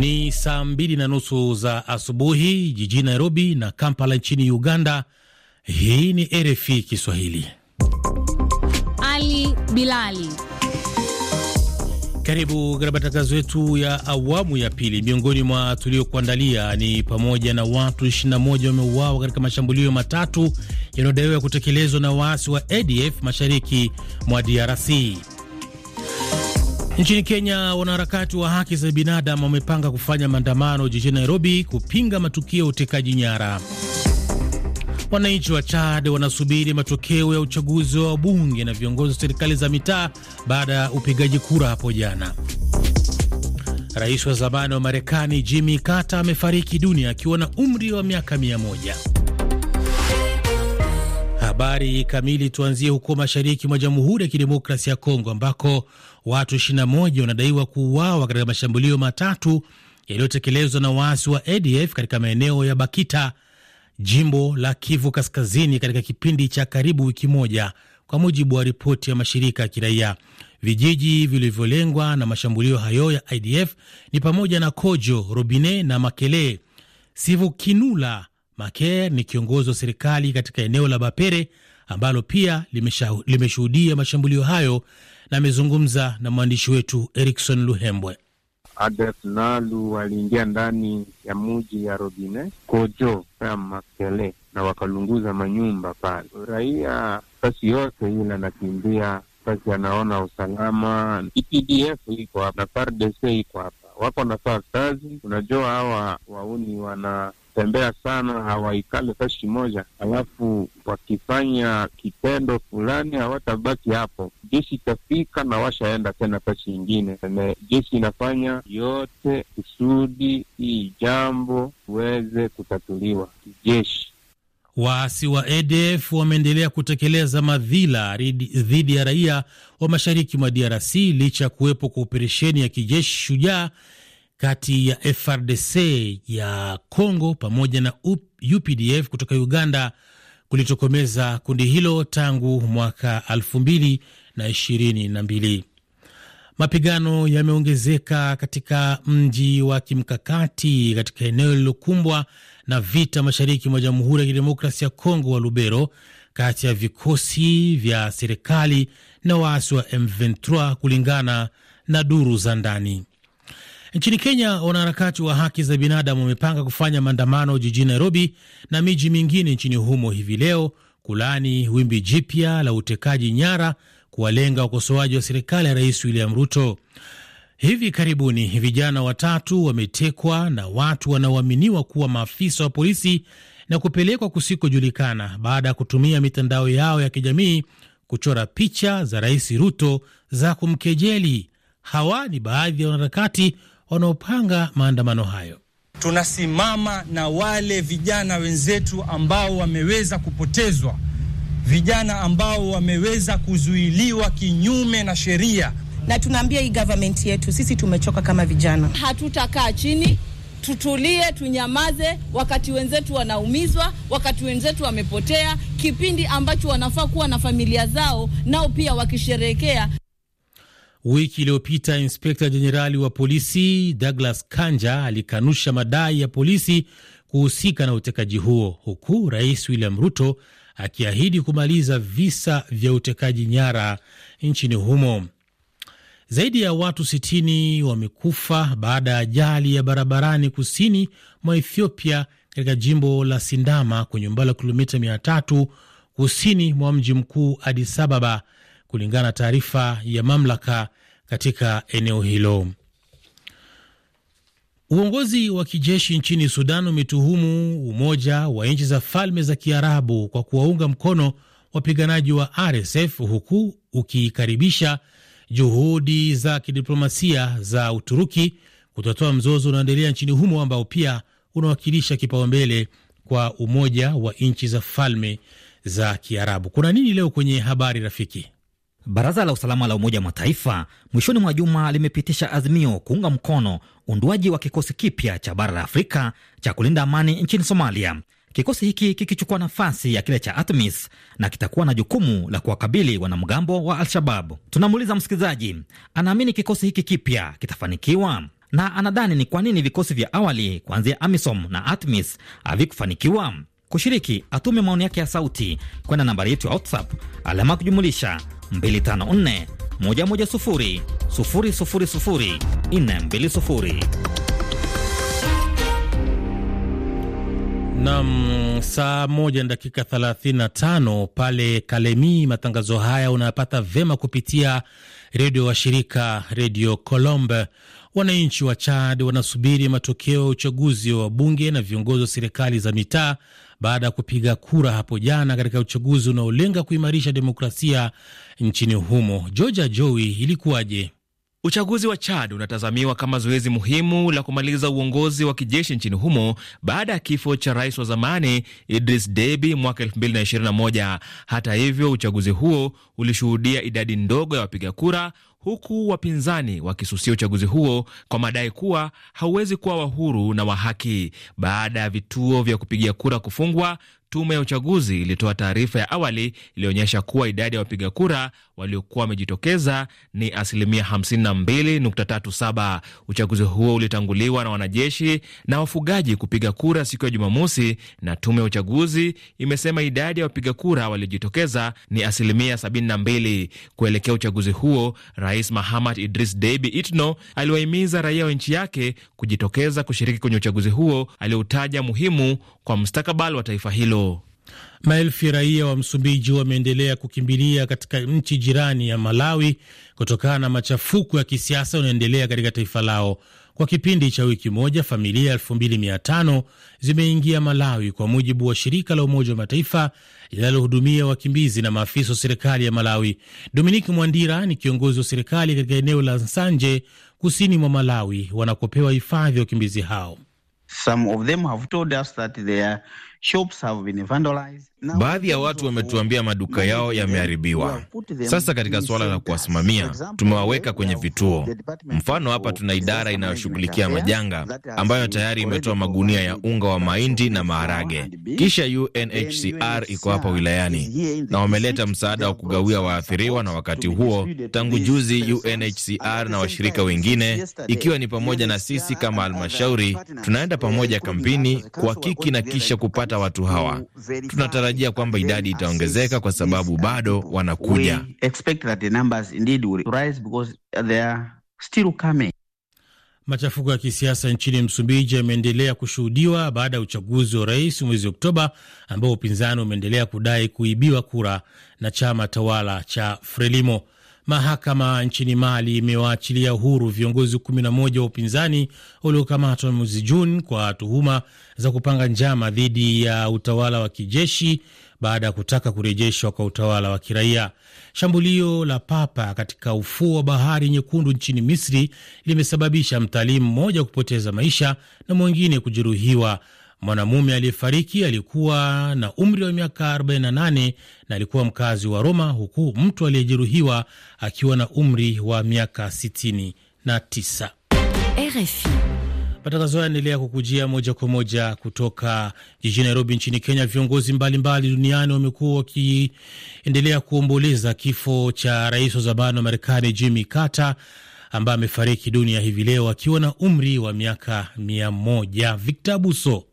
Ni saa mbili na nusu za asubuhi jijini Nairobi na Kampala nchini Uganda. Hii ni RFI Kiswahili. Ali Bilali, karibu katika matangazo yetu ya awamu ya pili. Miongoni mwa tuliokuandalia ni pamoja na watu 21 wameuawa katika mashambulio matatu yanayodaiwa kutekelezwa na waasi wa ADF mashariki mwa DRC. Nchini Kenya, wanaharakati wa haki za binadamu wamepanga kufanya maandamano jijini Nairobi kupinga matukio ya utekaji nyara. Wananchi wa Chad wanasubiri matokeo ya uchaguzi wa wabunge na viongozi wa serikali za mitaa baada ya upigaji kura hapo jana. Rais wa zamani wa Marekani Jimmy Carter amefariki dunia akiwa na umri wa miaka mia moja. Habari kamili tuanzie huko mashariki mwa Jamhuri ya Kidemokrasia ya Kongo ambako watu 21 wanadaiwa kuuawa katika mashambulio matatu yaliyotekelezwa na waasi wa ADF katika maeneo ya Bakita, jimbo la Kivu Kaskazini, katika kipindi cha karibu wiki moja, kwa mujibu wa ripoti ya mashirika ya kiraia. Vijiji vilivyolengwa na mashambulio hayo ya IDF ni pamoja na Kojo, Robine na Makele, Sivukinula Maker ni kiongozi wa serikali katika eneo la Bapere ambalo pia limeshuhudia mashambulio hayo, na amezungumza na mwandishi wetu Erikson Luhembwe. ADF Nalu waliingia ndani ya muji ya Robine Kojo ya Makele na wakalunguza manyumba pale, raia fasi yote ile anakimbia fasi, anaona usalama. EPDF iko hapa na FARDC iko hapa wako wanafaa kazi. Unajua hawa wauni wanatembea sana, hawaikale fashi moja, alafu wakifanya kitendo fulani hawatabaki hapo. Jeshi itafika na washaenda tena fashi ingine. Jeshi inafanya yote kusudi hii jambo uweze kutatuliwa kijeshi. Waasi wa ADF wameendelea kutekeleza madhila dhidi ya raia wa mashariki mwa DRC licha ya kuwepo kwa operesheni ya kijeshi Shujaa kati ya FRDC ya Congo pamoja na UPDF kutoka Uganda kulitokomeza kundi hilo tangu mwaka 2022. Mapigano yameongezeka katika mji wa kimkakati katika eneo lililokumbwa na vita mashariki mwa Jamhuri ya Kidemokrasia ya congo wa Lubero, kati ya vikosi vya serikali na waasi wa M23 kulingana na duru za ndani. Nchini Kenya, wanaharakati wa haki za binadamu wamepanga kufanya maandamano jijini Nairobi na miji mingine nchini humo hivi leo kulani wimbi jipya la utekaji nyara kuwalenga wakosoaji wa serikali ya Rais William Ruto. Hivi karibuni vijana watatu wametekwa na watu wanaoaminiwa kuwa maafisa wa polisi na kupelekwa kusikojulikana baada ya kutumia mitandao yao ya kijamii kuchora picha za Rais Ruto za kumkejeli. Hawa ni baadhi ya wanaharakati wanaopanga maandamano hayo. Tunasimama na wale vijana wenzetu ambao wameweza kupotezwa, vijana ambao wameweza kuzuiliwa kinyume na sheria, na tunaambia hii government yetu, sisi tumechoka kama vijana, hatutakaa chini tutulie tunyamaze, wakati wenzetu wanaumizwa, wakati wenzetu wamepotea, kipindi ambacho wanafaa kuwa na familia zao, nao pia wakisherehekea. Wiki iliyopita inspekta jenerali wa polisi Douglas Kanja alikanusha madai ya polisi kuhusika na utekaji huo, huku Rais William Ruto akiahidi kumaliza visa vya utekaji nyara nchini humo. Zaidi ya watu 60 wamekufa baada ya ajali ya barabarani kusini mwa Ethiopia katika jimbo la Sindama kwenye umbali wa kilomita 300 kusini mwa mji mkuu Addis Ababa kulingana na taarifa ya mamlaka katika eneo hilo. Uongozi wa kijeshi nchini Sudan umetuhumu Umoja wa Nchi za Falme za Kiarabu kwa kuwaunga mkono wapiganaji wa RSF huku ukikaribisha juhudi za kidiplomasia za Uturuki kutatua mzozo unaoendelea nchini humo ambao pia unawakilisha kipaumbele kwa Umoja wa Nchi za Falme za Kiarabu. Kuna nini leo kwenye Habari Rafiki? Baraza la usalama la Umoja wa Mataifa mwishoni mwa juma limepitisha azimio kuunga mkono uundwaji wa kikosi kipya cha bara la Afrika cha kulinda amani nchini Somalia. Kikosi hiki kikichukua nafasi ya kile cha ATMIS na kitakuwa na jukumu la kuwakabili wanamgambo wa Al-Shabab. Tunamuuliza msikilizaji, anaamini kikosi hiki kipya kitafanikiwa na anadhani ni kwa nini vikosi vya awali kuanzia AMISOM na ATMIS havikufanikiwa. Kushiriki, atume maoni yake ya sauti kwenda nambari yetu ya WhatsApp alama kujumulisha Nam, saa moja na dakika 35 pale Kalemi. Matangazo haya unayapata vema kupitia redio wa shirika Redio Colombe. Wananchi wa Chad wanasubiri matokeo ya uchaguzi wa bunge na viongozi wa serikali za mitaa baada ya kupiga kura hapo jana katika uchaguzi unaolenga kuimarisha demokrasia nchini humo. Georgia Joey, ilikuwaje? Uchaguzi wa Chad unatazamiwa kama zoezi muhimu la kumaliza uongozi wa kijeshi nchini humo baada ya kifo cha rais wa zamani Idris Deby mwaka 2021. Hata hivyo, uchaguzi huo ulishuhudia idadi ndogo ya wapiga kura, huku wapinzani wakisusia uchaguzi huo kwa madai kuwa hauwezi kuwa wa huru na wa haki. Baada ya vituo vya kupigia kura kufungwa, Tume ya uchaguzi ilitoa taarifa ya awali iliyoonyesha kuwa idadi ya wapiga kura waliokuwa wamejitokeza ni asilimia 52.37. Uchaguzi huo ulitanguliwa na wanajeshi na wafugaji kupiga kura siku ya Jumamosi, na tume ya uchaguzi imesema idadi ya wapiga kura waliojitokeza ni asilimia 72. Kuelekea uchaguzi huo, Rais Mahamad Idris Deby Itno aliwahimiza raia wa nchi yake kujitokeza kushiriki kwenye uchaguzi huo alioutaja muhimu kwa mustakabali wa taifa hilo hilo. Maelfu ya raia wa Msumbiji wameendelea kukimbilia katika nchi jirani ya Malawi kutokana na machafuko ya kisiasa yanayoendelea katika taifa lao. Kwa kipindi cha wiki moja, familia 2500 zimeingia Malawi, kwa mujibu wa shirika la Umoja wa Mataifa linalohudumia wakimbizi na maafisa wa serikali ya Malawi. Dominik Mwandira ni kiongozi wa serikali katika eneo la Nsanje, kusini mwa Malawi, wanakopewa hifadhi ya wakimbizi hao. Some of them have told us that they are Shops have been vandalized. Now, baadhi ya watu wametuambia maduka yao yameharibiwa. Sasa katika suala la kuwasimamia, tumewaweka kwenye vituo. Mfano, hapa tuna idara inayoshughulikia majanga ambayo tayari imetoa magunia ya unga wa mahindi na maharage, kisha UNHCR iko hapa wilayani na wameleta msaada wa kugawia waathiriwa. Na wakati huo tangu juzi, UNHCR na washirika wengine, ikiwa ni pamoja na sisi kama halmashauri, tunaenda pamoja kampini kuhakiki na kisha kupata kuwapata watu hawa. Tunatarajia kwamba idadi itaongezeka kwa sababu bado wanakuja. Machafuko ya kisiasa nchini Msumbiji yameendelea kushuhudiwa baada ya uchaguzi wa rais mwezi Oktoba, ambao upinzani umeendelea kudai kuibiwa kura na chama tawala cha Frelimo. Mahakama nchini Mali imewaachilia huru viongozi 11 wa upinzani waliokamatwa mwezi Juni kwa tuhuma za kupanga njama dhidi ya utawala wa kijeshi baada ya kutaka kurejeshwa kwa utawala wa kiraia. Shambulio la papa katika ufuo wa bahari nyekundu nchini Misri limesababisha mtalii mmoja kupoteza maisha na mwingine kujeruhiwa Mwanamume aliyefariki alikuwa na umri wa miaka 48 na alikuwa mkazi wa Roma, huku mtu aliyejeruhiwa akiwa na umri wa miaka 69. RFI. Matangazo yanaendelea kukujia moja kwa moja kutoka jijini Nairobi nchini Kenya. Viongozi mbalimbali mbali duniani wamekuwa wakiendelea kuomboleza kifo cha rais wa zamani wa Marekani Jimmy Carter ambaye amefariki dunia hivi leo akiwa na umri wa miaka mia moja. Victor Buso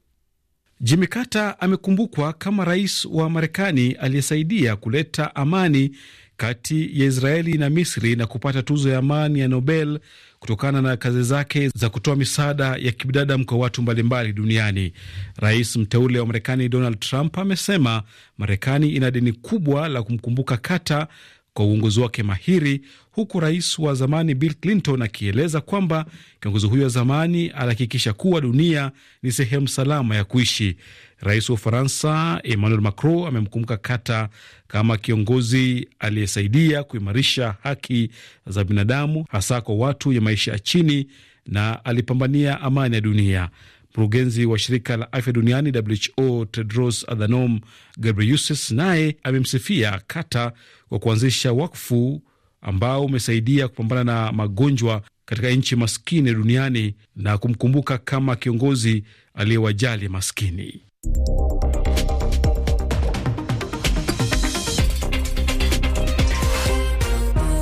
Jimmy Carter amekumbukwa kama rais wa Marekani aliyesaidia kuleta amani kati ya Israeli na Misri na kupata tuzo ya amani ya Nobel kutokana na kazi zake za kutoa misaada ya kibinadamu kwa watu mbalimbali duniani. Rais mteule wa Marekani Donald Trump amesema Marekani ina deni kubwa la kumkumbuka Carter kwa uongozi wake mahiri, huku rais wa zamani Bill Clinton akieleza kwamba kiongozi huyo wa zamani alihakikisha kuwa dunia ni sehemu salama ya kuishi. Rais wa Ufaransa Emmanuel Macron amemkumbuka Kata kama kiongozi aliyesaidia kuimarisha haki za binadamu, hasa kwa watu ya maisha ya chini na alipambania amani ya dunia. Mkurugenzi wa shirika la afya duniani WHO Tedros Adhanom Ghebreyesus naye amemsifia Kata kwa kuanzisha wakfu ambao umesaidia kupambana na magonjwa katika nchi maskini duniani na kumkumbuka kama kiongozi aliyewajali maskini.